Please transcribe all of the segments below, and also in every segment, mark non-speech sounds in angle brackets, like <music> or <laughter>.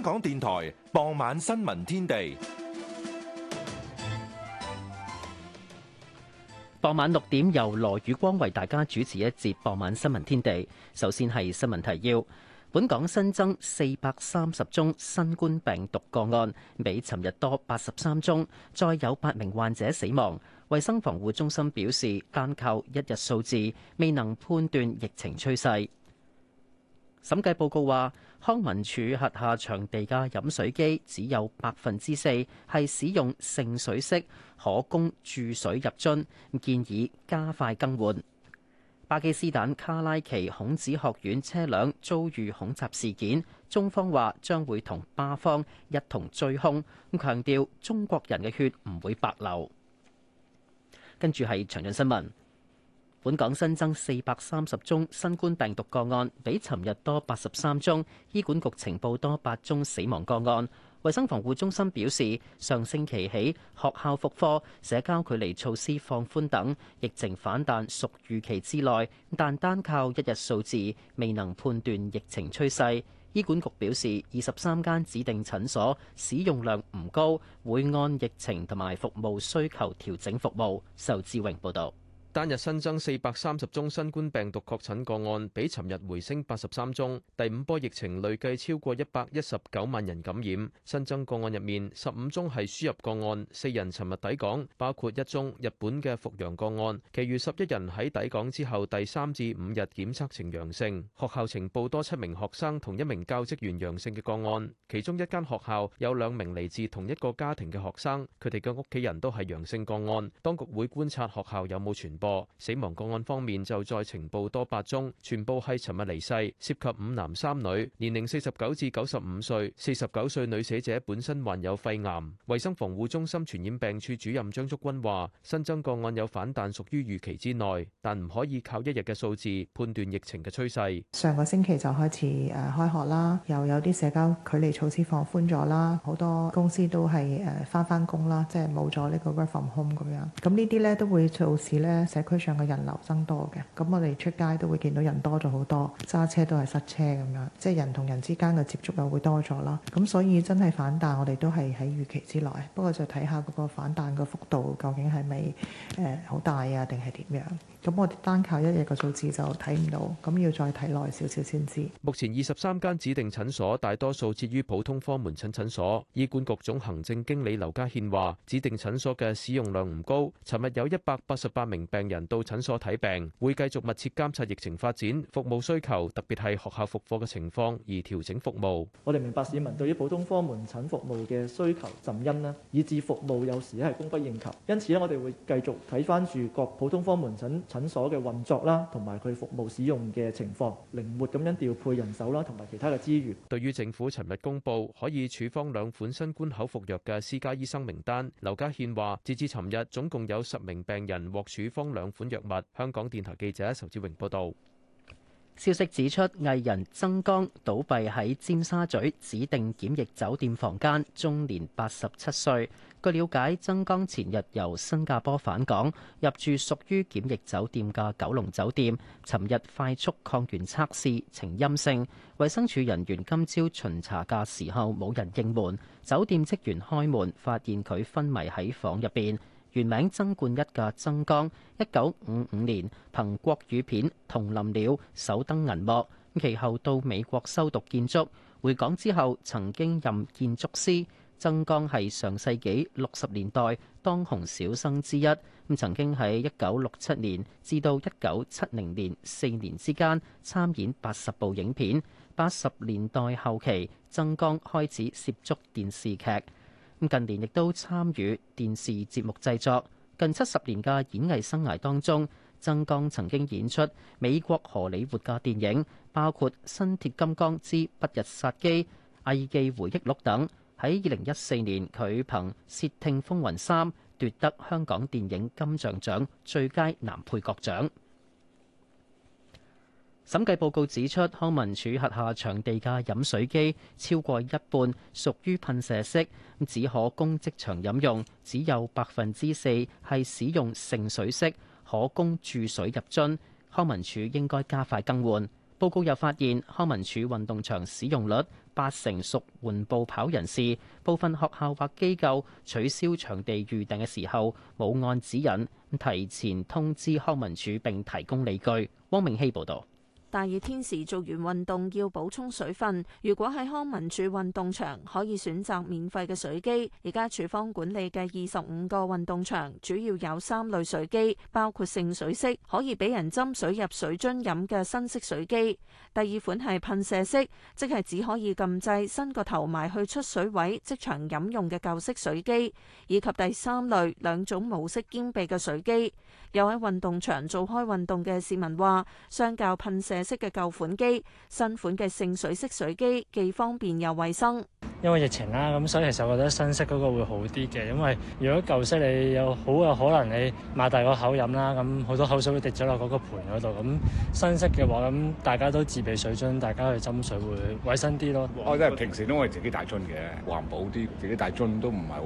香港電台傍晚新聞天地。傍晚六點由羅宇光為大家主持一節傍晚新聞天地。首先係新聞提要，本港新增四百三十宗新冠病毒個案，比尋日多八十三宗，再有八名患者死亡。衛生防護中心表示，單靠一日數字未能判斷疫情趨勢。審計報告話，康文署轄下場地嘅飲水機只有百分之四係使用盛水式，可供注水入樽，建議加快更換。巴基斯坦卡拉奇孔子學院車輛遭遇恐襲事件，中方話將會同巴方一同追兇，強調中國人嘅血唔會白流。跟住係詳盡新聞。本港新增四百三十宗新冠病毒個案，比尋日多八十三宗。醫管局呈報多八宗死亡個案。衛生防護中心表示，上星期起學校復課、社交距離措施放寬等，疫情反彈屬預期之內，但單靠一日數字未能判斷疫情趨勢。醫管局表示，二十三間指定診所使用量唔高，會按疫情同埋服務需求調整服務。仇志榮報道。單日新增四百三十宗新冠病毒確診個案，比尋日回升八十三宗。第五波疫情累計超過一百一十九萬人感染。新增個案入面，十五宗係輸入個案，四人尋日抵港，包括一宗日本嘅復陽個案，其餘十一人喺抵港之後第三至五日檢測呈陽性。學校情報多七名學生同一名教職員陽性嘅個案，其中一間學校有兩名嚟自同一個家庭嘅學生，佢哋嘅屋企人都係陽性個案。當局會觀察學校有冇傳播死亡個案方面就再呈報多八宗，全部係尋日離世，涉及五男三女，年齡四十九至九十五歲。四十九歲女死者本身患有肺癌。衛生防護中心傳染病處主任張竹君話：，新增個案有反彈，屬於預期之內，但唔可以靠一日嘅數字判斷疫情嘅趨勢。上個星期就開始誒開學啦，又有啲社交距離措施放寬咗啦，好多公司都係誒返返工啦，即係冇咗呢個 work from home 咁樣。咁呢啲咧都會導致咧。社區上嘅人流增多嘅，咁我哋出街都會見到人多咗好多，揸車都係塞車咁樣，即係人同人之間嘅接觸又會多咗啦。咁所以真係反彈，我哋都係喺預期之內，不過就睇下嗰個反彈嘅幅度究竟係咪誒好大啊，定係點樣？咁我哋單靠一日個數字就睇唔到，咁要再睇耐少少先知。目前二十三間指定診所大多數設於普通科門診診所。醫管局總行政經理劉家憲話，指定診所嘅使用量唔高。尋日有一百八十八名病人到診所睇病，會繼續密切監察疫情發展、服務需求，特別係學校復課嘅情況而調整服務。我哋明白市民對於普通科門診服務嘅需求甚殷啦，以致服務有時係供不應求。因此咧，我哋會繼續睇翻住各普通科門診。診所嘅運作啦，同埋佢服務使用嘅情況，靈活咁樣調配人手啦，同埋其他嘅資源。對於政府尋日公佈可以處方兩款新冠口服藥嘅私家醫生名單，劉家獻話：截至尋日，總共有十名病人獲處方兩款藥物。香港電台記者仇志榮報導。消息指出，藝人曾江倒斃喺尖沙咀指定檢疫酒店房間，終年八十七歲。據了解，曾江前日由新加坡返港，入住屬於檢疫酒店嘅九龍酒店。尋日快速抗原測試呈陰性，衛生署人員今朝巡查嘅時候冇人應門，酒店職員開門發現佢昏迷喺房入邊。原名曾貫一嘅曾江，一九五五年憑國語片《同林鳥》首登銀幕，其後到美國修讀建築，回港之後曾經任建築師。曾江係上世紀六十年代當紅小生之一，曾經喺一九六七年至到一九七零年四年之間參演八十部影片。八十年代後期，曾江開始涉足電視劇，近年亦都參與電視節目製作。近七十年嘅演藝生涯當中，曾江曾經演出美國荷里活嘅電影，包括《新鐵金剛之不日殺機》、《藝伎回憶錄》等。喺二零一四年，佢憑《竊聽風雲三》奪得香港電影金像獎最佳男配角獎。審計報告指出，康文署轄下場地嘅飲水機超過一半屬於噴射式，咁只可供即場飲用，只有百分之四係使用盛水式，可供注水入樽。康文署應該加快更換。報告又發現，康文署運動場使用率，八成屬緩步跑人士，部分學校或機構取消場地預訂嘅時候，冇按指引提前通知康文署並提供理據。汪明希報道。大熱天時做完運動要補充水分，如果喺康文署運動場可以選擇免費嘅水機。而家署方管理嘅二十五個運動場，主要有三類水機，包括盛水式，可以俾人斟水入水樽飲嘅新式水機；第二款係噴射式，即係只可以撳掣伸個頭埋去出水位即場飲用嘅舊式水機，以及第三類兩種模式兼備嘅水機。有喺運動場做開運動嘅市民話，相較噴射式嘅舊款機，新款嘅盛水式水機，既方便又衛生。因為疫情啦，咁所以其實我覺得新式嗰個會好啲嘅，因為如果舊式你有好有可能你擘大個口飲啦，咁好多口水會滴咗落嗰個盆嗰度。咁新式嘅話，咁大家都自備水樽，大家去斟水會衛生啲咯。我即係平時都會自己帶樽嘅，環保啲，自己帶樽都唔係好，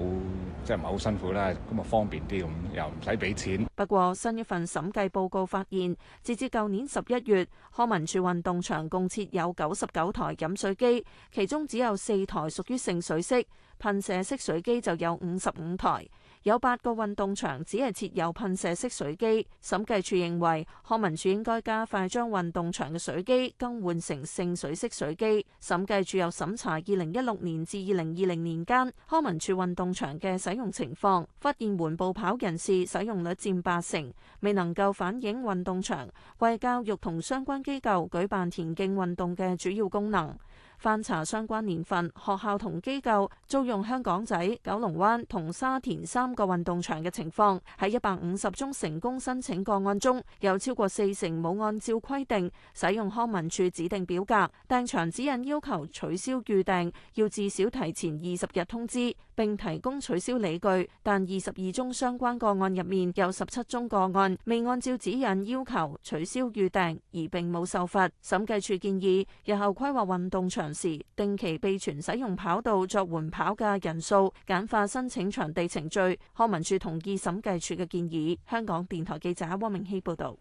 即係唔係好辛苦啦，咁啊方便啲，咁又唔使俾錢。不過新一份審計報告發現，截至舊年十一月，民署運動場共設有九十九台飲水機，其中只有四台屬於盛水式，噴射式水機就有五十五台。有八個運動場只係設有噴射式水機，審計處認為康文署應該加快將運動場嘅水機更換成盛水式水機。審計處又審查二零一六年至二零二零年間康文署運動場嘅使用情況，發現緩步跑人士使用率佔八成，未能夠反映運動場為教育同相關機構舉辦田徑運動嘅主要功能。翻查相關年份，學校同機構租用香港仔、九龍灣同沙田三個運動場嘅情況，喺一百五十宗成功申請個案中，有超過四成冇按照規定使用康文署指定表格，訂場指引要求取消預訂，要至少提前二十日通知。並提供取消理據，但二十二宗相關個案入面有十七宗個案未按照指引要求取消預訂，而並冇受罰。審計處建議日後規劃運動場時，定期備存使用跑道作緩跑嘅人數，簡化申請場地程序。康文署同意審計處嘅建議。香港電台記者汪明希報道。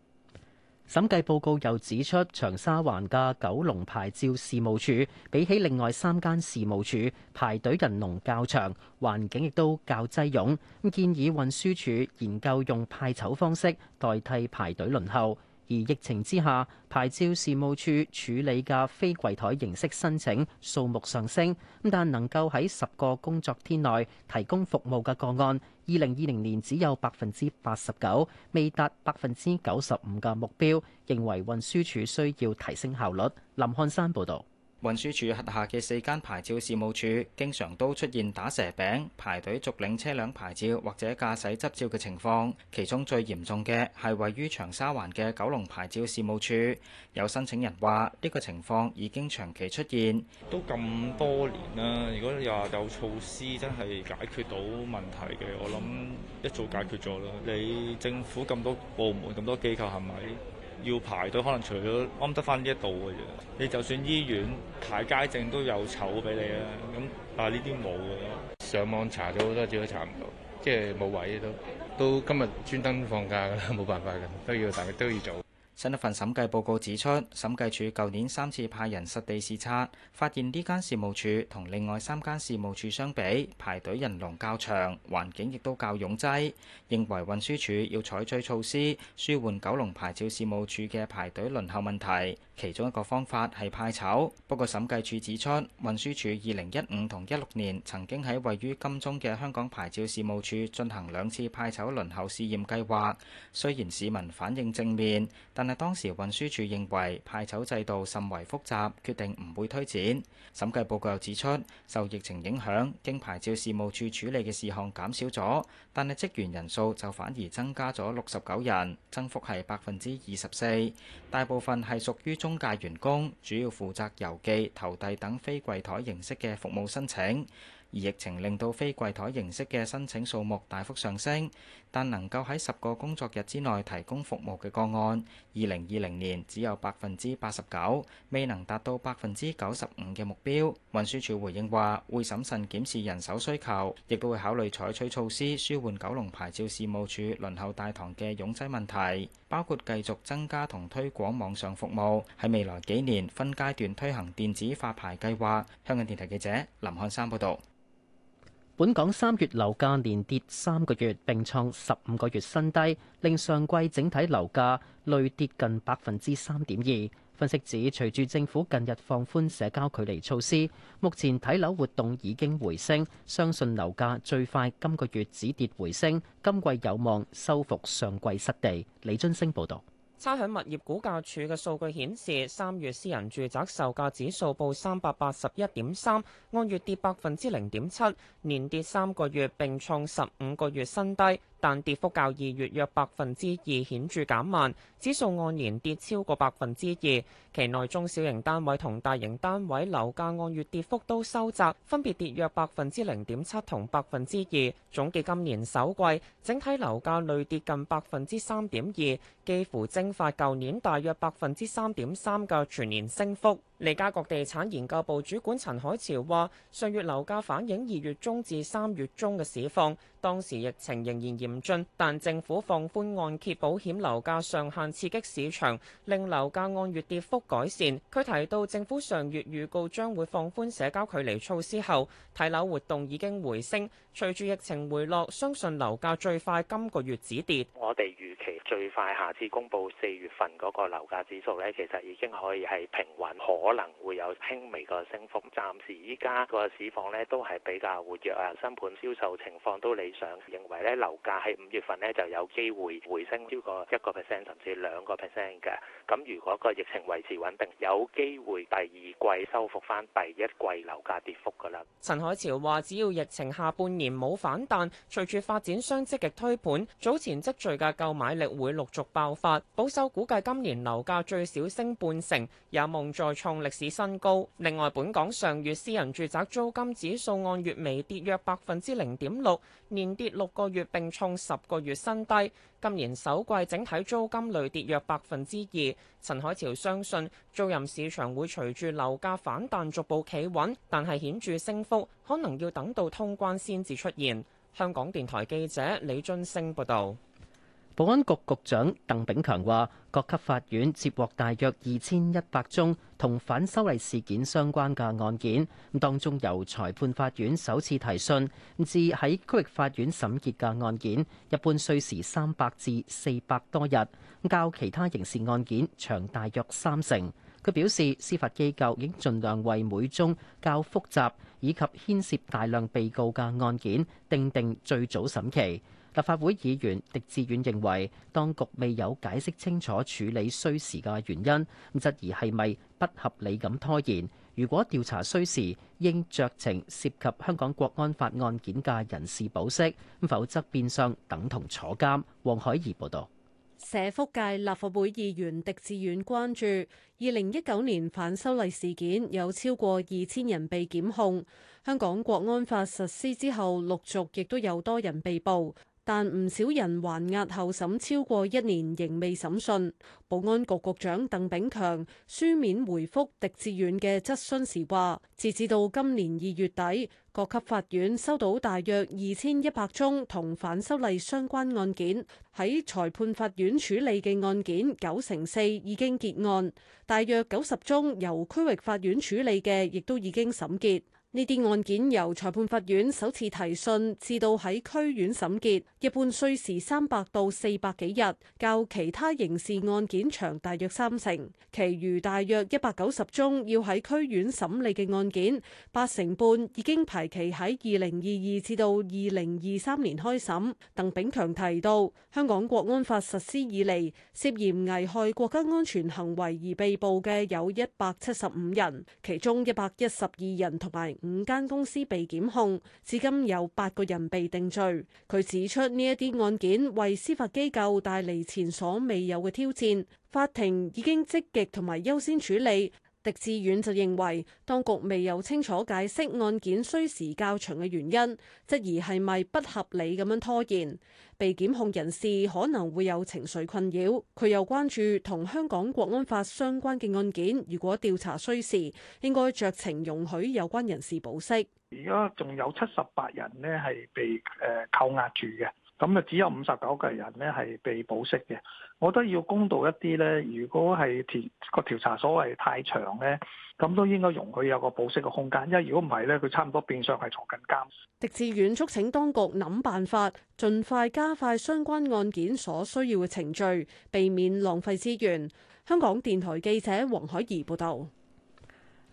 審計報告又指出，長沙灣嘅九龍牌照事務處比起另外三間事務處，排隊人龍較長，環境亦都較擠擁。建議運輸署研究用派籌方式代替排隊輪候。而疫情之下，牌照事務處處理嘅非櫃台形式申請數目上升，但能夠喺十個工作天內提供服務嘅個案，二零二零年只有百分之八十九，未達百分之九十五嘅目標，認為運輸署需要提升效率。林漢山報道。運輸署轄下嘅四間牌照事務處，經常都出現打蛇餅、排隊續領車輛牌照或者駕駛執照嘅情況，其中最嚴重嘅係位於長沙灣嘅九龍牌照事務處。有申請人話呢個情況已經長期出現，都咁多年啦。如果你又話有措施真係解決到問題嘅，我諗一早解決咗啦。你政府咁多部門、咁多機構係咪？是要排隊，可能除咗啱得翻呢一度嘅啫。你就算醫院、排街症都有籌俾你啦。咁但係呢啲冇嘅。上網查咗好多次都查唔到，即係冇位都都今日專登放假㗎啦，冇 <laughs> 辦法嘅，都要但係都要做。新一份審計報告指出，審計署舊年三次派人實地視察，發現呢間事務處同另外三間事務處相比，排隊人龍較長，環境亦都較擁擠。認為運輸署要採取措施舒緩九龍牌照事務處嘅排隊輪候問題。其中一個方法係派籌，不過審計署指出，運輸署二零一五同一六年曾經喺位於金鐘嘅香港牌照事務處進行兩次派籌輪候試驗計劃，雖然市民反應正面，但但係當時運輸署認為派籌制度甚為複雜，決定唔會推展。審計報告又指出，受疫情影響，經牌照事務處處理嘅事項減少咗，但係職員人數就反而增加咗六十九人，增幅係百分之二十四。大部分係屬於中介員工，主要負責郵寄、投遞等非櫃枱形式嘅服務申請。而疫情令到非櫃枱形式嘅申請數目大幅上升。但能夠喺十個工作日之內提供服務嘅個案，二零二零年只有百分之八十九，未能達到百分之九十五嘅目標。運輸署回應話，會審慎檢視人手需求，亦都會考慮採取措施舒緩九龍牌照事務處輪候大堂嘅擁擠問題，包括繼續增加同推廣網上服務，喺未來幾年分階段推行電子發牌計劃。香港電台記者林漢山報道。本港三月樓價連跌三個月，並創十五個月新低，令上季整體樓價累跌近百分之三點二。分析指，隨住政府近日放寬社交距離措施，目前睇樓活動已經回升，相信樓價最快今個月止跌回升，今季有望收復上季失地。李津升報導。差餉物業估價署嘅數據顯示，三月私人住宅售價指數報三百八十一點三，按月跌百分之零點七，連跌三個月，並創十五個月新低。但跌幅較二月約百分之二顯著減慢，指數按年跌超過百分之二。期內中小型單位同大型單位樓價按月跌幅都收窄，分別跌約百分之零點七同百分之二。總結今年首季整體樓價累跌近百分之三點二，幾乎蒸發舊年大約百分之三點三嘅全年升幅。利嘉閣地產研究部主管陳海潮話：上月樓價反映二月中至三月中嘅市況，當時疫情仍然嚴峻，但政府放寬按揭保險樓價上限，刺激市場，令樓價按月跌幅改善。佢提到，政府上月預告將會放寬社交距離措施後，睇樓活動已經回升，隨住疫情回落，相信樓價最快今個月止跌。我哋預期最快下次公佈四月份嗰個樓價指數呢，其實已經可以係平穩。可能會有輕微個升幅，暫時依家個市況呢，都係比較活躍啊，新盤銷售情況都理想，認為呢樓價喺五月份呢，就有機會回升超過一個 percent 甚至兩個 percent 嘅。咁如果個疫情維持穩定，有機會第二季收復翻第一季樓價跌幅㗎啦。陳海潮話：只要疫情下半年冇反彈，隨住發展商積極推盤，早前積聚嘅購買力會陸續爆發，保守估計今年樓價最少升半成，有望再創歷史新高。另外，本港上月私人住宅租金指數按月微跌約百分之零點六，連跌六個月，並創十個月新低。今年首季整體租金累跌約百分之二。陳海潮相信租賃市場會隨住樓價反彈逐步企穩，但係顯著升幅可能要等到通關先至出現。香港電台記者李津星報道。保安局局長鄧炳強話，各級法院接獲大約二千一百宗同反修例事件相關嘅案件，當中由裁判法院首次提訊至喺區域法院審結嘅案件，一般需時三百至四百多日，較其他刑事案件長大約三成。佢表示，司法機構已盡量為每宗較複雜以及牽涉大量被告嘅案件訂定最早審期。立法會議員狄志遠認為，當局未有解釋清楚處理需時嘅原因，質疑係咪不合理咁拖延？如果調查需時，應酌情涉及香港國安法案件嘅人士保釋，否則變相等同坐監。黃海怡報導，社福界立法會議員狄志遠關注，二零一九年反修例事件有超過二千人被檢控，香港國安法實施之後，陸續亦都有多人被捕。但唔少人還押候審超過一年仍未審訊。保安局局長鄧炳強書面回覆狄志遠嘅質詢時話，截至到今年二月底，各級法院收到大約二千一百宗同反修例相關案件，喺裁判法院處理嘅案件九成四已經結案，大約九十宗由區域法院處理嘅亦都已經審結。呢啲案件由裁判法院首次提訊，至到喺區院審結，一般需時三百到四百幾日，較其他刑事案件長大約三成。其餘大約一百九十宗要喺區院審理嘅案件，八成半已經排期喺二零二二至到二零二三年開審。鄧炳強提到，香港國安法實施以嚟，涉嫌危害國家安全行為而被捕嘅有一百七十五人，其中一百一十二人同埋。五間公司被檢控，至今有八個人被定罪。佢指出呢一啲案件為司法機構帶嚟前所未有嘅挑戰，法庭已經積極同埋優先處理。狄志遠就認為，當局未有清楚解釋案件需時較長嘅原因，質疑係咪不，不合理咁樣拖延。被檢控人士可能會有情緒困擾，佢又關注同香港國安法相關嘅案件，如果調查需時，應該酌情容許有關人士保釋。而家仲有七十八人呢係被誒扣押住嘅。咁啊，只有五十九個人咧係被保釋嘅。我覺得要公道一啲呢，如果係調個調查所謂太長呢，咁都應該容許有個保釋嘅空間。因為如果唔係呢，佢差唔多變相係坐緊監。狄志遠促請當局諗辦法，盡快加快相關案件所需要嘅程序，避免浪費資源。香港電台記者黃海怡報導。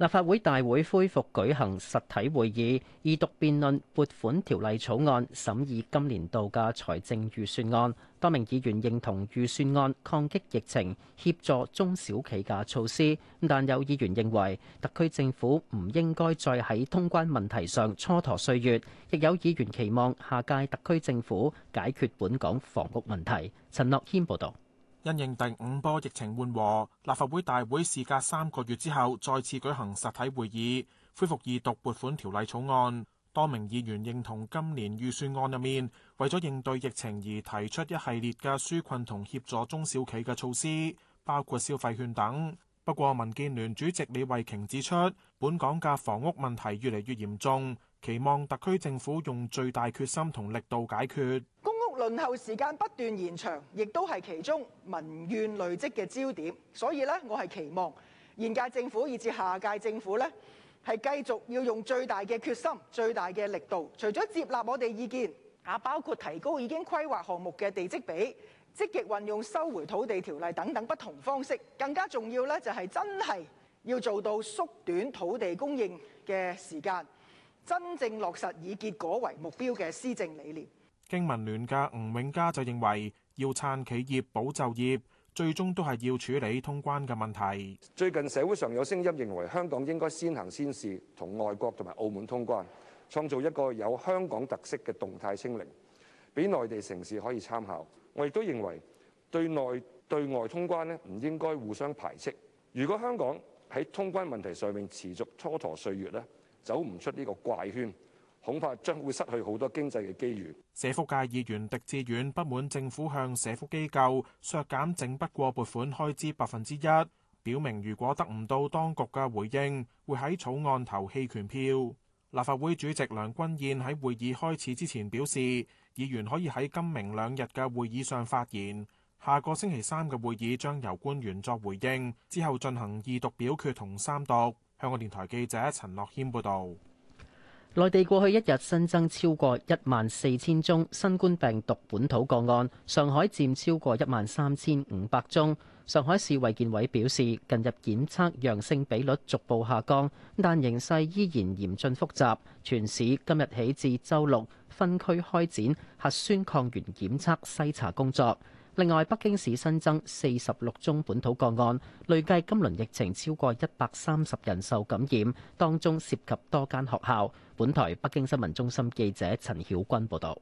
立法會大會恢復舉行實體會議，二讀辯論撥款條例草案，審議今年度嘅財政預算案。多名議員認同預算案抗擊疫情、協助中小企嘅措施，但有議員認為特區政府唔應該再喺通關問題上蹉跎歲月。亦有議員期望下屆特區政府解決本港房屋問題。陳諾軒報導。因應第五波疫情緩和，立法會大會事隔三個月之後再次舉行實體會議，恢復二讀撥款條例草案。多名議員認同今年預算案入面，為咗應對疫情而提出一系列嘅紓困同協助中小企嘅措施，包括消費券等。不過，民建聯主席李慧瓊指出，本港嘅房屋問題越嚟越嚴重，期望特區政府用最大決心同力度解決。輪候時間不斷延長，亦都係其中民怨累積嘅焦點。所以咧，我係期望現屆政府以至下屆政府咧，係繼續要用最大嘅決心、最大嘅力度，除咗接納我哋意見，啊，包括提高已經規劃項目嘅地積比，積極運用收回土地條例等等不同方式。更加重要咧，就係真係要做到縮短土地供應嘅時間，真正落實以結果為目標嘅施政理念。經民聯嘅吳永嘉就認為，要撐企業保就業，最終都係要處理通關嘅問題。最近社會上有聲音認為，香港應該先行先試，同外國同埋澳門通關，創造一個有香港特色嘅動態清零，俾內地城市可以參考。我亦都認為對，對內對外通關咧，唔應該互相排斥。如果香港喺通關問題上面持續蹉跎歲月咧，走唔出呢個怪圈。恐怕將會失去好多經濟嘅機遇。社福界議員狄志遠不滿政府向社福機構削減淨不過撥款開支百分之一，表明如果得唔到當局嘅回應，會喺草案投棄權票。立法會主席梁君彥喺會議開始之前表示，議員可以喺今明兩日嘅會議上發言，下個星期三嘅會議將由官員作回應，之後進行二讀表決同三讀。香港電台記者陳樂謙報道。內地過去一日新增超過一萬四千宗新冠病毒本土個案，上海佔超過一萬三千五百宗。上海市衛健委表示，近日檢測陽性比率逐步下降，但形勢依然嚴峻複雜。全市今日起至週六分區開展核酸抗原檢測篩查工作。另外，北京市新增四十六宗本土個案，累計今輪疫情超過一百三十人受感染，當中涉及多間學校。本台北京新聞中心記者陳曉君報道。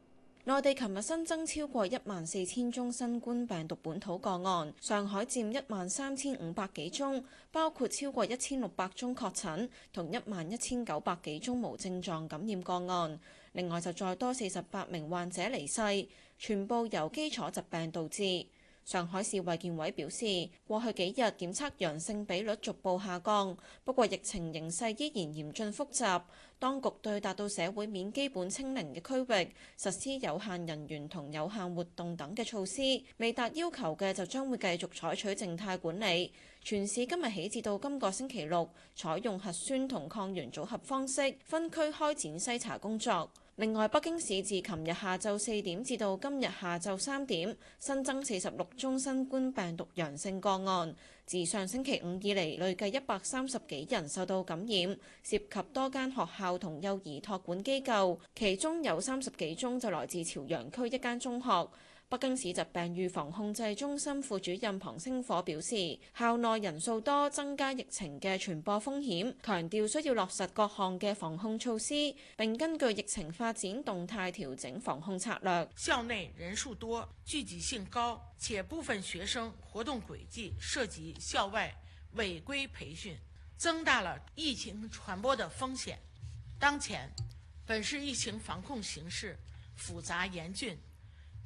內地琴日新增超過一萬四千宗新冠病毒本土個案，上海佔一萬三千五百幾宗，包括超過一千六百宗確診，同一萬一千九百幾宗無症狀感染個案。另外就再多四十八名患者離世，全部由基礎疾病導致。上海市衛健委表示，過去幾日檢測陽性比率逐步下降，不過疫情形勢依然嚴峻複雜。當局對達到社會面基本清零嘅區域，實施有限人員同有限活動等嘅措施；未達要求嘅就將會繼續採取靜態管理。全市今日起至到今個星期六，採用核酸同抗原組合方式，分區開展篩查工作。另外，北京市自琴日下晝四點至到今日下晝三點，新增四十六宗新冠病毒陽性個案。自上星期五以嚟，累計一百三十幾人受到感染，涉及多間學校同幼兒托管機構，其中有三十幾宗就來自朝陽區一間中學。北京市疾病預防控制中心副主任龐星火表示，校內人數多，增加疫情嘅傳播風險，強調需要落實各項嘅防控措施，並根據疫情發展動態調整防控策略。校內人數多，聚集性高，且部分學生活動軌跡涉，涉及校外違規培訓，增大了疫情傳播的風險。當前，本市疫情防控形勢複雜嚴峻。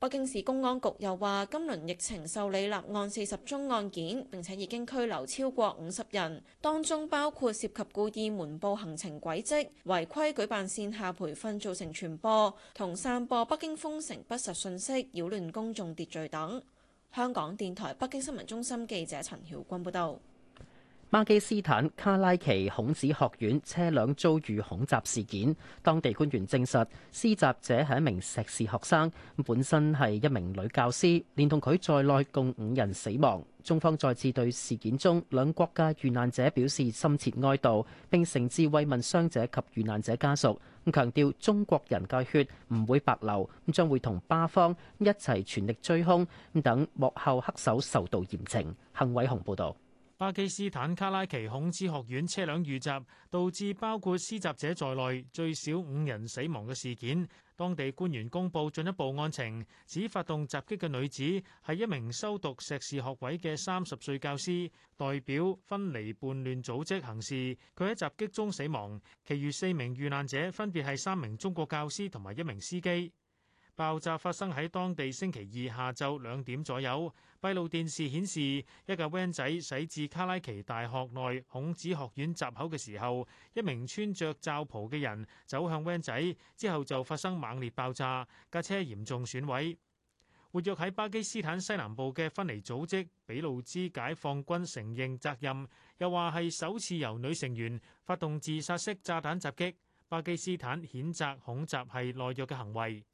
北京市公安局又話，今輪疫情受理立案四十宗案件，並且已經拘留超過五十人，當中包括涉及故意瞞報行程軌跡、違規舉辦線下培訓造成傳播同散播北京封城不實信息、擾亂公眾秩序等。香港電台北京新聞中心記者陳曉君報道。巴基斯坦卡拉奇孔子學院車輛遭遇恐襲事件，當地官員證實，施襲者係一名碩士學生，本身係一名女教師，連同佢在內共五人死亡。中方再次對事件中兩國家遇難者表示深切哀悼，並誠摯慰問傷者及遇難者家屬，強調中國人嘅血唔會白流，將會同巴方一齊全力追兇，等幕後黑手受到嚴懲。幸偉雄報道。巴基斯坦卡拉奇孔子學院車輛遇襲，導致包括施襲者在內最少五人死亡嘅事件，當地官員公布進一步案情，指發動襲擊嘅女子係一名修讀碩士學位嘅三十歲教師，代表分離叛亂組織行事，佢喺襲擊中死亡，其餘四名遇難者分別係三名中國教師同埋一名司機。爆炸發生喺當地星期二下晝兩點左右。閉路電視顯示，一架 van 仔駛至卡拉奇大學內孔子學院閘口嘅時候，一名穿着罩袍嘅人走向 van 仔，之後就發生猛烈爆炸，架車嚴重損毀。活躍喺巴基斯坦西南部嘅分離組織俾路支解放軍承認責任，又話係首次由女成員發動自殺式炸彈襲擊。巴基斯坦譴責恐襲係懦弱嘅行為。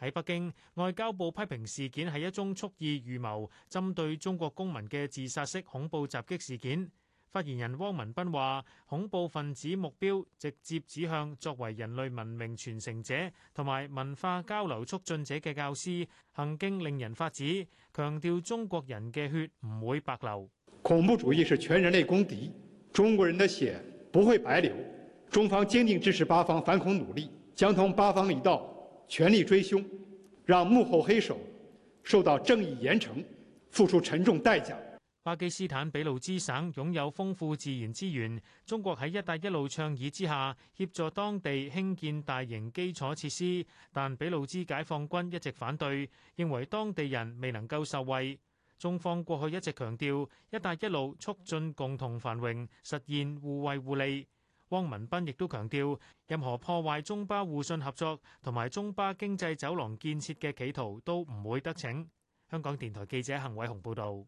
喺北京，外交部批評事件係一宗蓄意預謀針對中國公民嘅自殺式恐怖襲擊事件。發言人汪文斌話，恐怖分子目標直接指向作為人類文明傳承者同埋文化交流促進者嘅教師，行徑令人發指。強調中國人嘅血唔會白流。恐怖主義是全人類公敵，中國人的血不會白流。中方堅定支持巴方反恐努力，將同巴方一道，全力追凶，讓幕後黑手受到正義嚴懲，付出沉重代價。巴基斯坦俾路支省擁有豐富自然資源，中國喺一帶一路倡議之下協助當地興建大型基礎設施，但俾路支解放軍一直反對，認為當地人未能夠受惠。中方過去一直強調一帶一路促進共同繁榮，實現互惠互利。汪文斌亦都強調，任何破壞中巴互信合作同埋中巴經濟走廊建設嘅企圖都唔會得逞。香港電台記者陳偉雄報道。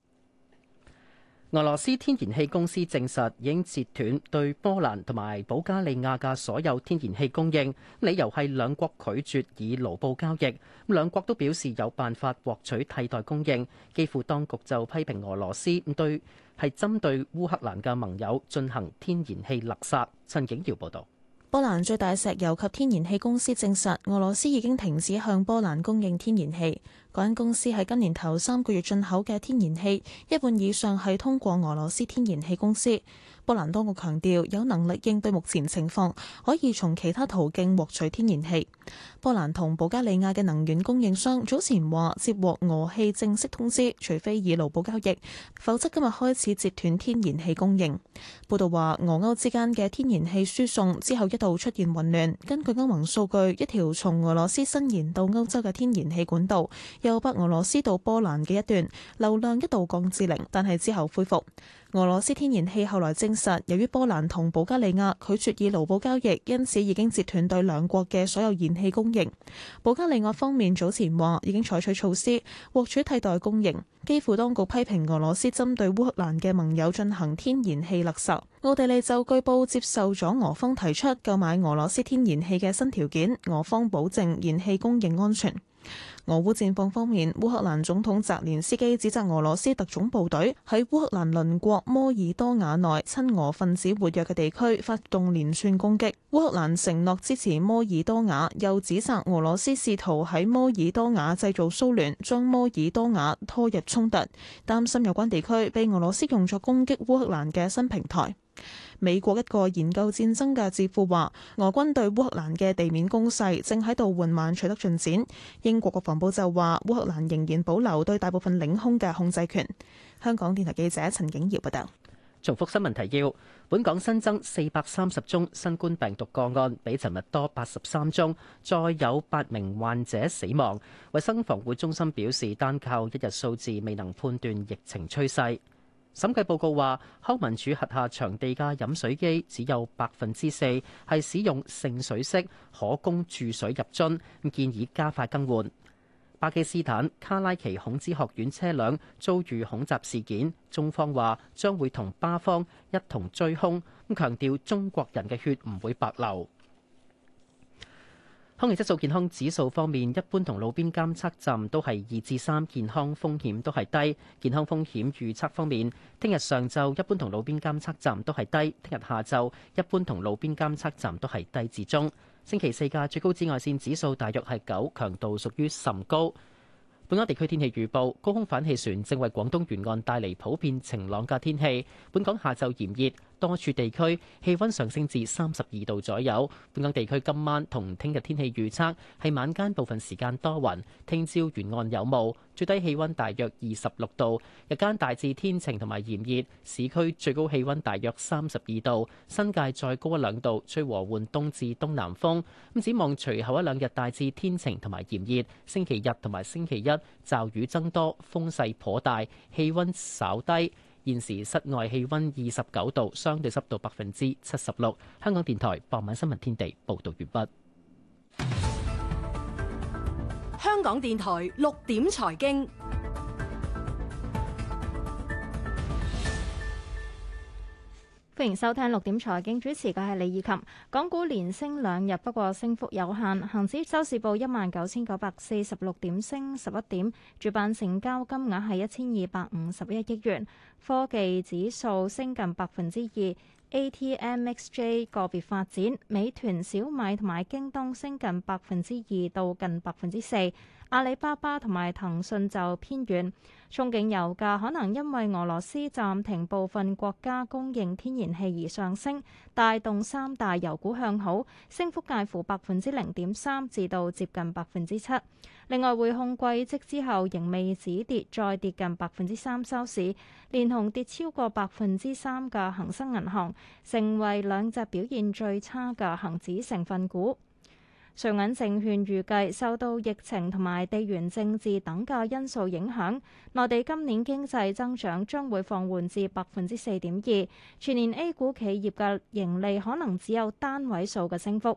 俄羅斯天然氣公司證實已經截斷對波蘭同埋保加利亞嘅所有天然氣供應，理由係兩國拒絕以盧布交易。咁兩國都表示有辦法獲取替代供應。基輔當局就批評俄羅斯對係針對烏克蘭嘅盟友進行天然氣勒索。陳景耀報導。波蘭最大石油及天然氣公司證實，俄羅斯已經停止向波蘭供應天然氣。嗰間公司喺今年頭三個月進口嘅天然氣，一半以上係通過俄羅斯天然氣公司。波蘭當局強調有能力應對目前情況，可以從其他途徑獲取天然氣。波蘭同保加利亞嘅能源供應商早前話接獲俄氣正式通知，除非以盧布交易，否則今日開始截斷天然氣供應。報道話俄歐之間嘅天然氣輸送之後一度出現混亂。根據歐盟數據，一條從俄羅斯伸延到歐洲嘅天然氣管道，由北俄羅斯到波蘭嘅一段流量一度降至零，但係之後恢復。俄羅斯天然氣後來證實，由於波蘭同保加利亞拒絕以盧布交易，因此已經截斷對兩國嘅所有燃氣供應。保加利亞方面早前話已經採取措施獲取替代供應。幾乎當局批評俄羅斯針對烏克蘭嘅盟友進行天然氣勒索。奧地利就據報接受咗俄方提出購買俄羅斯天然氣嘅新條件，俄方保證燃氣供應安全。俄烏戰況方面，烏克蘭總統澤連斯基指責俄羅斯特種部隊喺烏克蘭鄰國摩爾多瓦內親俄分子活躍嘅地區發動連串攻擊。烏克蘭承諾支持摩爾多瓦，又指責俄羅斯試圖喺摩爾多瓦製造騷亂，將摩爾多瓦拖入衝突，擔心有關地區被俄羅斯用作攻擊烏克蘭嘅新平台。美國一個研究戰爭嘅智庫話，俄軍對烏克蘭嘅地面攻勢正喺度緩慢取得進展。英國國防部就話，烏克蘭仍然保留對大部分領空嘅控制權。香港電台記者陳景堯報道。重複新聞提要：本港新增四百三十宗新冠病毒個案，比尋日多八十三宗，再有八名患者死亡。衞生防護中心表示，單靠一日數字未能判斷疫情趨勢。審計報告話，康文署轄下場地嘅飲水機只有百分之四係使用盛水式，可供注水入樽，建議加快更換。巴基斯坦卡拉奇孔子學院車輛遭遇恐襲事件，中方話將會同巴方一同追兇，強調中國人嘅血唔會白流。空氣質素健康指數方面，一般同路邊監測站都係二至三，健康風險都係低。健康風險預測方面，聽日上晝一般同路邊監測站都係低，聽日下晝一般同路邊監測站都係低至中。星期四嘅最高紫外線指數大約係九，強度屬於甚高。本港地區天氣預報，高空反氣旋正為廣東沿岸帶嚟普遍晴朗嘅天氣，本港下晝炎熱。多處地區氣温上升至三十二度左右。本港地區今晚同聽日天氣預測係晚間部分時間多雲，聽朝沿岸有霧，最低氣温大約二十六度，日間大致天晴同埋炎熱，市區最高氣温大約三十二度，新界再高一兩度。吹和緩東至東南風。咁展望隨後一兩日大致天晴同埋炎熱，星期日同埋星期一驟雨增多，風勢頗大，氣温稍低。現時室外氣溫二十九度，相對濕度百分之七十六。香港電台傍晚新聞天地報道完畢。香港電台六點財經。歡迎收聽六點財經，主持嘅係李以琴。港股連升兩日，不過升幅有限，恒指收市報一萬九千九百四十六點，升十一點，主板成交金額係一千二百五十一億元。科技指數升近百分之二，ATMXJ 個別發展，美團、小米同埋京東升近百分之二到近百分之四。阿里巴巴同埋騰訊就偏軟。憧憬油價可能因為俄羅斯暫停部分國家供應天然氣而上升，帶動三大油股向好，升幅介乎百分之零點三至到接近百分之七。另外匯控季績之後仍未止跌，再跌近百分之三收市，連同跌超過百分之三嘅恒生銀行，成為兩隻表現最差嘅恒指成分股。瑞銀證券預計受到疫情同埋地緣政治等嘅因素影響，內地今年經濟增長將會放緩至百分之四點二，全年 A 股企業嘅盈利可能只有單位數嘅升幅。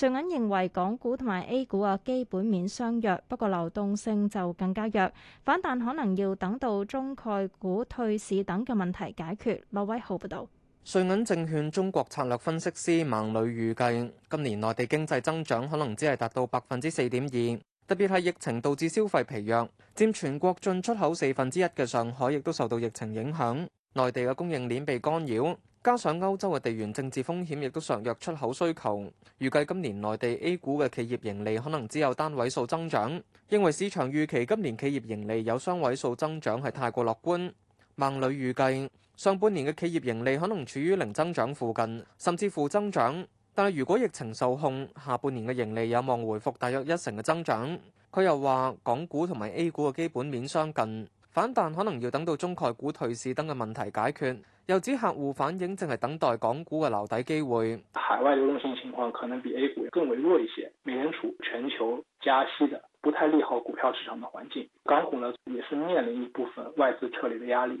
瑞銀認為港股同埋 A 股啊基本面相弱，不過流動性就更加弱，反彈可能要等到中概股退市等嘅問題解決。羅威浩報道。瑞銀證券中國策略分析師孟磊預計，今年內地經濟增長可能只係達到百分之四點二，特別係疫情導致消費疲弱，佔全國進出口四分之一嘅上海亦都受到疫情影響，內地嘅供應鏈被干擾，加上歐洲嘅地緣政治風險亦都削弱出口需求。預計今年內地 A 股嘅企業盈利可能只有單位數增長，認為市場預期今年企業盈利有雙位數增長係太過樂觀。孟磊預計。上半年嘅企業盈利可能處於零增長附近，甚至負增長。但係如果疫情受控，下半年嘅盈利有望回復，大約一成嘅增長。佢又話：港股同埋 A 股嘅基本面相近，反彈可能要等到中概股退市等嘅問題解決。又指客戶反映淨係等待港股嘅留底機會。海外流動性情況可能比 A 股更為弱一些，美聯儲全球加息嘅不太利好股票市場嘅環境。港股呢也是面臨一部分外資撤離嘅壓力。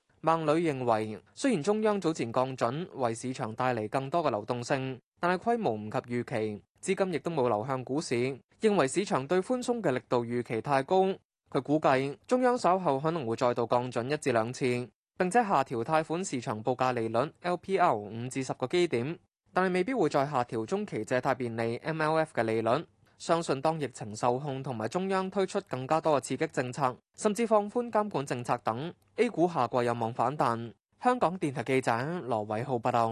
孟磊認為，雖然中央早前降準為市場帶嚟更多嘅流動性，但係規模唔及預期，資金亦都冇流向股市。認為市場對寬鬆嘅力度預期太高。佢估計中央稍後可能會再度降準一至兩次，並且下調貸款市場報價利率 LPR 五至十個基點，但係未必會再下調中期借貸便利 MLF 嘅利率。相信當疫情受控同埋中央推出更加多嘅刺激政策，甚至放寬監管政策等，A 股下季有望反彈。香港電台記者羅偉浩報道。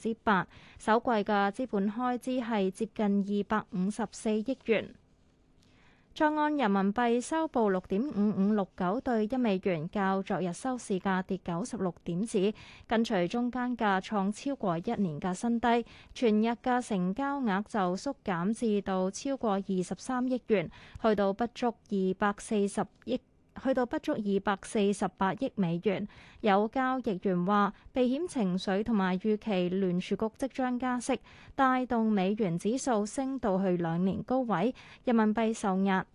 之八，首季嘅資本開支係接近二百五十四億元。在岸人民幣收報六點五五六九對一美元，較昨日收市價跌九十六點子，跟隨中間價創超過一年嘅新低。全日嘅成交額就縮減至到超過二十三億元，去到不足二百四十億。去到不足二百四十八億美元，有交易員話避險情緒同埋預期聯儲局即將加息，帶動美元指數升到去兩年高位，人民幣受壓。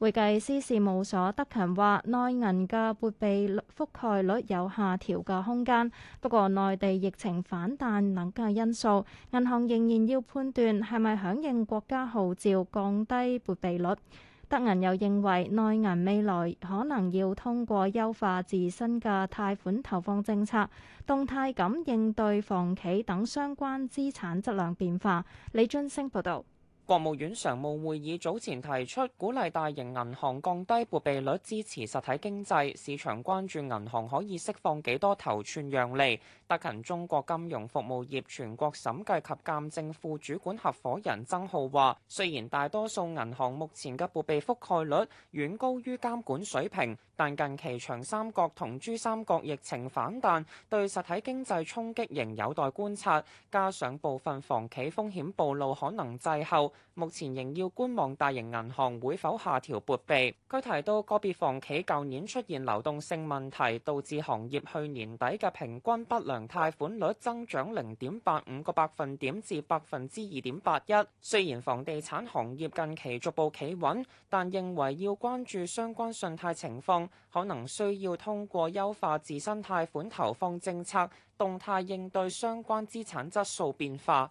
會計師事務所德勤話內銀嘅撥備覆蓋率有下調嘅空間。不過內地疫情反彈等嘅因素，銀行仍然要判斷係咪響應國家號召降低撥備率。德銀又認為，內銀未來可能要通過優化自身嘅貸款投放政策，動態噉應對房企等相關資產質量變化。李津升報道。國務院常務會議早前提出鼓勵大型銀行降低撥備率，支持實體經濟。市場關注銀行可以釋放幾多頭寸讓利。德勤中國金融服務業全國審計及鑒證副主管合伙人曾浩話，雖然大多數銀行目前嘅撥備覆蓋率遠高於監管水平，但近期長三角同珠三角疫情反彈，對實體經濟衝擊仍有待觀察。加上部分房企風險暴露可能滯後。目前仍要觀望大型銀行會否下調撥備。佢提到，個別房企舊年出現流動性問題，導致行業去年底嘅平均不良貸款率增長零點八五個百分點至百分之二點八一。雖然房地產行業近期逐步企穩，但認為要關注相關信貸情況，可能需要通過優化自身貸款投放政策，動態應對相關資產質素變化。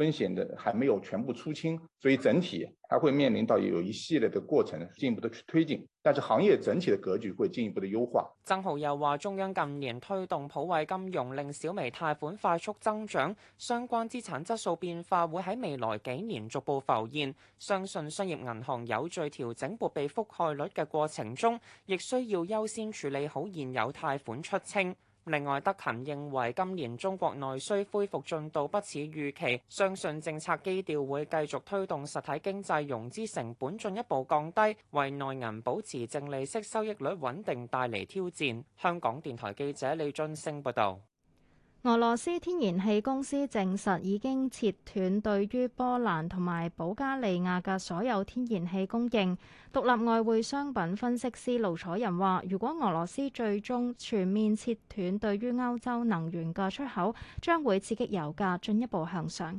風險的還沒有全部出清，所以整體還會面臨到有一系列的過程進一步的去推進，但是行業整體的格局會進一步的優化。曾浩又話中央近年推動普惠金融，令小微貸款快速增長，相關資產質素變化會喺未來幾年逐步浮現，相信商業銀行有序調整撥備覆蓋率嘅過程中，亦需要優先處理好現有貸款出清。另外，德勤認為今年中國內需恢復進度不似預期，相信政策基調會繼續推動實體經濟融資成本進一步降低，為內銀保持淨利息收益率穩定帶嚟挑戰。香港電台記者李俊勝報道。俄羅斯天然氣公司證實已經切斷對於波蘭同埋保加利亞嘅所有天然氣供應。獨立外匯商品分析師盧楚仁話，如果俄羅斯最終全面切斷對於歐洲能源嘅出口，將會刺激油價進一步向上。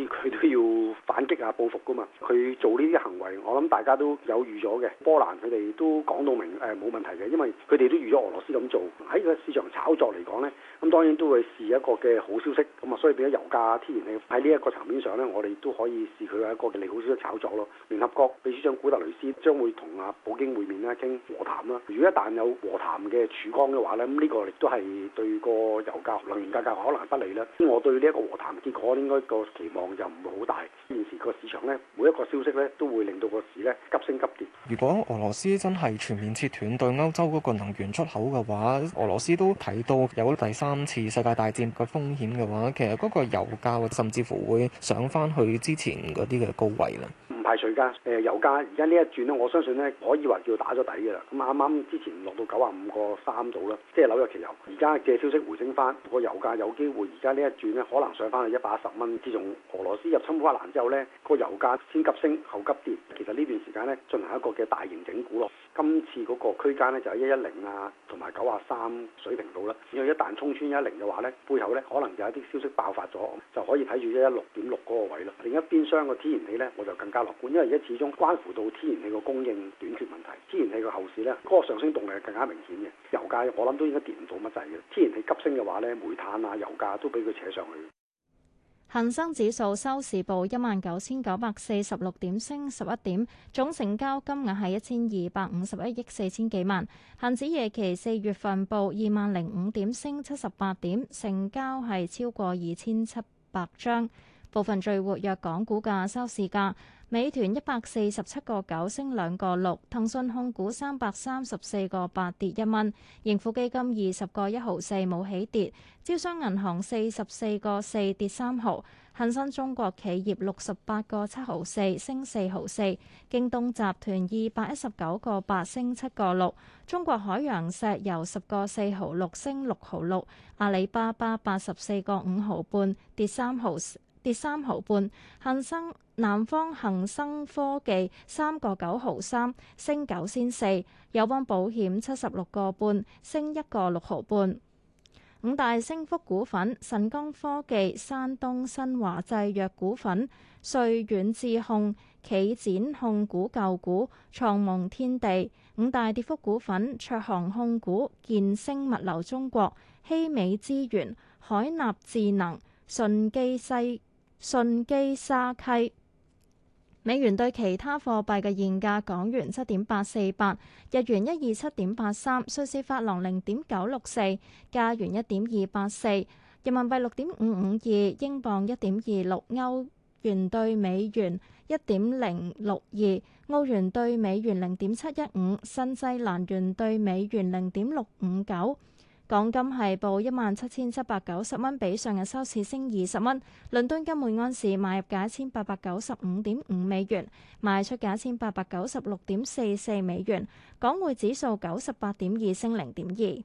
佢都要反擊，啊報復噶嘛，佢做呢啲行為，我諗大家都有預咗嘅。波蘭佢哋都講到明誒冇、欸、問題嘅，因為佢哋都預咗俄羅斯咁做。喺個市場炒作嚟講呢，咁當然都會係一個嘅好消息。咁啊，所以變咗油價、天然氣喺呢一個層面上呢，我哋都可以視佢一個利好消息炒作咯。聯合國秘書長古特雷斯將會同阿普京會面啦，傾和談啦。如果一旦有和談嘅曙光嘅話呢，咁呢個亦都係對個油價能、能源價格可能不利啦。咁我對呢一個和談結果應該、這個期望就唔會好大。現時個市場呢，每一個消息呢，都會令到個市呢急升急跌。如果俄羅斯真係全面切斷對歐洲嗰個能源出口嘅話，俄羅斯都睇到有第三次世界大戰嘅風險嘅話，其實嗰個油價甚至乎會上翻去之前嗰啲嘅高位啦。唔排除噶，誒、呃、油價而家呢一轉咧，我相信呢可以話叫打咗底嘅啦。咁啱啱之前落到九十五個三度啦，即係紐約期油。而家嘅消息回升翻，個油價有機會而家呢一轉咧，可能上翻去一百一十蚊之種。俄羅斯入侵烏克蘭之後呢，個油價先急升後急跌，其實呢段時間呢進行一個嘅大型整固咯。今次嗰個區間呢，就喺一一零啊，同埋九啊三水平度啦。如果一旦衝穿一一零嘅話呢，背後呢可能有一啲消息爆發咗，就可以睇住一一六點六嗰個位咯。另一邊廂個天然氣呢，我就更加樂觀，因為而家始終關乎到天然氣嘅供應短缺問題。天然氣嘅後市呢，嗰個上升動力更加明顯嘅。油價，我諗都應該跌唔到乜滯嘅。天然氣急升嘅話呢，煤炭啊、油價都俾佢扯上去。恒生指數收市報一萬九千九百四十六點，升十一點，總成交金額係一千二百五十一億四千幾萬。恒指夜期四月份報二萬零五點，升七十八點，成交係超過二千七百張。部分最活躍港股價收市價。美團一百四十七個九升兩個六，騰訊控股三百三十四個八跌一蚊，盈富基金二十個一毫四冇起跌，招商銀行四十四個四跌三毫，恒生中國企業六十八個七毫四升四毫四，京東集團二百一十九個八升七個六，中國海洋石油十個四毫六升六毫六，阿里巴巴八十四個五毫半跌三毫。跌三毫半，恒生南方恒生科技三個九毫三，升九仙四；友邦保險七十六個半，升一個六毫半。五大升幅股份：晨光科技、山東新華製藥股份、瑞遠智控、企展控股舊股、創夢天地。五大跌幅股份：卓航控股、建升物流中國、希美資源、海納智能、順基西。信基沙溪，美元兌其他貨幣嘅現價：港元七點八四八，日元一二七點八三，瑞士法郎零點九六四，加元一點二八四，人民幣六點五五二，英鎊一點二六，歐元對美元一點零六二，澳元對美元零點七一五，新西蘭元對美元零點六五九。港金係報一萬七千七百九十蚊，比上日收市升二十蚊。倫敦金每安士買入價一千八百九十五點五美元，賣出價一千八百九十六點四四美元。港匯指數九十八點二升零點二。